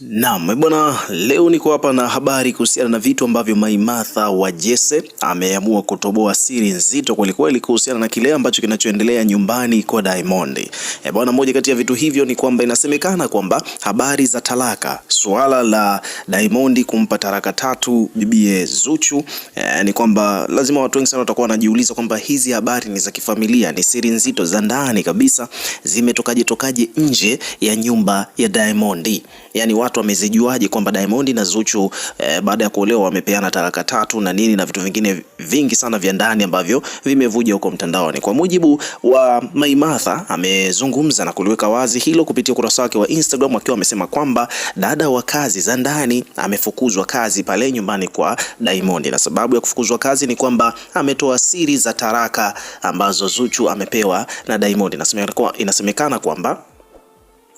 Naam bwana, leo niko hapa na habari kuhusiana na vitu ambavyo maimatha wa Jesse ameamua kutoboa siri nzito kwelikweli kuhusiana na kile ambacho kinachoendelea nyumbani kwa Diamond. E bwana, moja kati ya vitu hivyo ni kwamba inasemekana kwamba habari za talaka, suala la Diamond kumpa talaka tatu bibie Zuchu, e, ni kwamba lazima watu wengi sana watakuwa wanajiuliza kwamba hizi habari ni za kifamilia, ni siri nzito za ndani kabisa, zimetokaje tokaje nje ya nyumba ya Diamond yani watu wamezijuaje kwamba Diamond na Zuchu eh, baada ya kuolewa wamepeana talaka tatu na nini na vitu vingine vingi sana vya ndani ambavyo vimevuja huko mtandaoni. Kwa mujibu wa maimatha amezungumza na kuliweka wazi hilo kupitia ukurasa wake wa Instagram, akiwa amesema kwamba dada wa kazi za ndani amefukuzwa kazi pale nyumbani kwa Diamond, na sababu ya kufukuzwa kazi ni kwamba ametoa siri za taraka ambazo Zuchu amepewa na Diamond. Inasemekana kwamba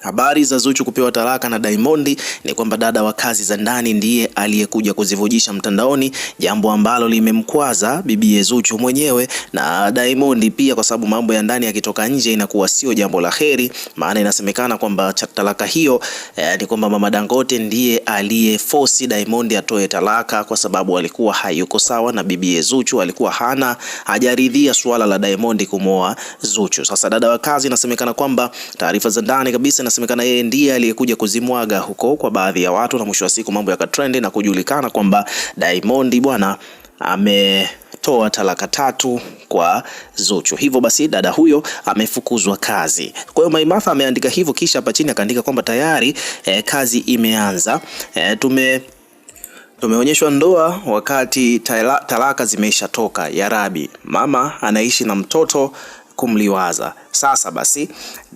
Habari za Zuchu kupewa talaka na Diamond ni kwamba dada wa kazi za ndani ndiye aliyekuja kuzivujisha mtandaoni, jambo ambalo limemkwaza bibiye Zuchu mwenyewe na Diamond pia, kwa sababu mambo ya ndani yakitoka nje inakuwa sio jambo la heri. Maana inasemekana kwamba talaka hiyo eh, ni kwamba mama Dangote ndiye aliyeforce Diamond atoe talaka, kwa sababu alikuwa hayuko sawa na bibiye Zuchu, alikuwa hana hajaridhia suala la Diamond kumwoa Zuchu. Sasa dada wa kazi, inasemekana kwamba taarifa za ndani kabisa inasemekana yeye ndiye aliyekuja kuzimwaga huko kwa baadhi ya watu, na mwisho wa siku mambo yakatrendi na kujulikana kwamba Diamond bwana ametoa talaka tatu kwa Zuchu. Hivyo basi dada huyo amefukuzwa kazi. Kwa hiyo Maimartha ameandika hivyo, kisha hapa chini akaandika kwamba tayari eh, kazi imeanza eh, tume tumeonyeshwa ndoa wakati tala, talaka zimeishatoka. Yarabi, mama anaishi na mtoto kumliwaza. Sasa basi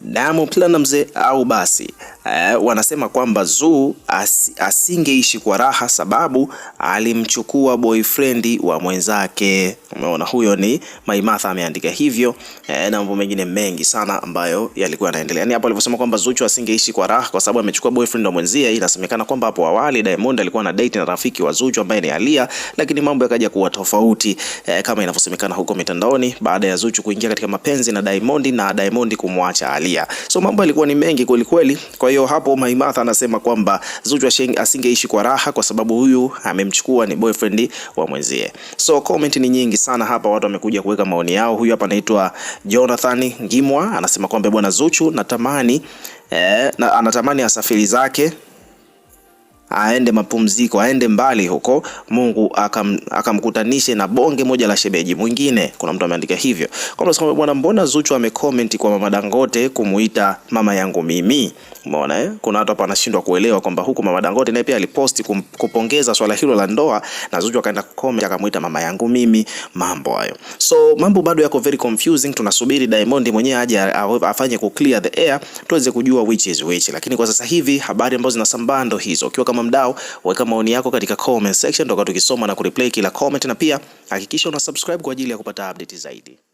Diamond Platnumz au basi eh, wanasema kwamba Zuu as, asingeishi kwa raha sababu alimchukua boyfriend wa mwenzake. Umeona, huyo ni Maimatha ameandika hivyo eh, na mambo mengine mengi sana ambayo yalikuwa yanaendelea. Yani hapo alivyosema kwamba Zuchu asingeishi kwa raha kwa sababu amechukua boyfriend wa mwenzie, inasemekana kwamba hapo awali Diamond alikuwa na date na rafiki wa Zuchu ambaye ni Alia, lakini mambo yakaja kuwa tofauti eh, kama inavyosemekana huko mitandaoni baada ya Zuchu kuingia katika mapenzi na Diamond na Diamond kumwacha Alia kuangalia. So mambo yalikuwa ni mengi kweli kweli. Kwa hiyo hapo Maimatha anasema kwamba Zuchu asingeishi kwa raha kwa sababu huyu amemchukua ni boyfriend wa mwenzie. So comment ni nyingi sana hapa, watu wamekuja kuweka maoni yao. Huyu hapa anaitwa Jonathan Ngimwa anasema kwamba bwana Zuchu natamani eh, na, anatamani asafiri zake aende mapumziko, aende mbali huko, Mungu akam, akamkutanishe na bonge moja la shebeji mwingine. Kuna mtu ameandika hivyo kwamba bwana, mbona Zuchu amecomment kwa mama Dangote kumuita mama yangu mimi. Umeona eh? Kuna watu hapa wanashindwa kuelewa kwamba huku mama Dangote naye pia aliposti kupongeza swala hilo la ndoa na Zuchu akaenda kucomment akamuita mama yangu mimi, mambo hayo. So mambo bado yako very confusing, tunasubiri Diamond mwenyewe aje afanye ku clear the air tuweze kujua which is which, lakini kwa sasa hivi habari ambazo zinasambaa ndo hizo. Ukiwa kama kama mdau, weka maoni yako katika comment section, toka tukisoma na kureplay kila comment, na pia hakikisha una subscribe kwa ajili ya kupata update zaidi.